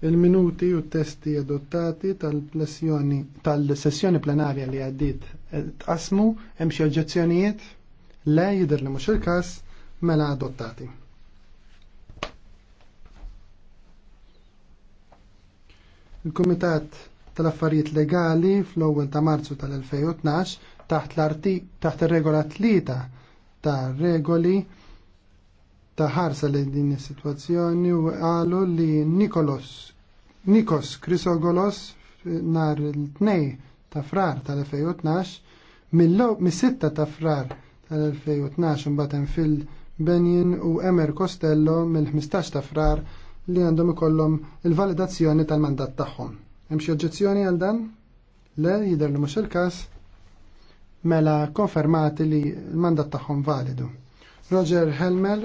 Il-minuti u testi adottati tal-sessjoni plenarja li għaddit eh, tqasmu hemm xi oġġezzjonijiet le jidher li mhux il-każ mela adottati. Il-Kumitat tal-Affarijiet Legali fl-ewwel ta' Marzu tal-2012 taħt l-arti taħt ir-regola tlieta ta' regoli ta' ħarsa li din is-sitwazzjoni u qalu li Nikolos Nikos Krisogolos nar il-2 ta' frar tal-2012 mill-6 ta' frar tal-2012 mbatem fil Benjen u Emer Costello mill-15 ta' frar li għandhom ikollhom il-validazzjoni tal-mandat tagħhom. Hemm xi oġġezzjoni għal dan? Le jidher li mhux il-każ mela konfermati li l-mandat tagħhom validu. Roger Helmer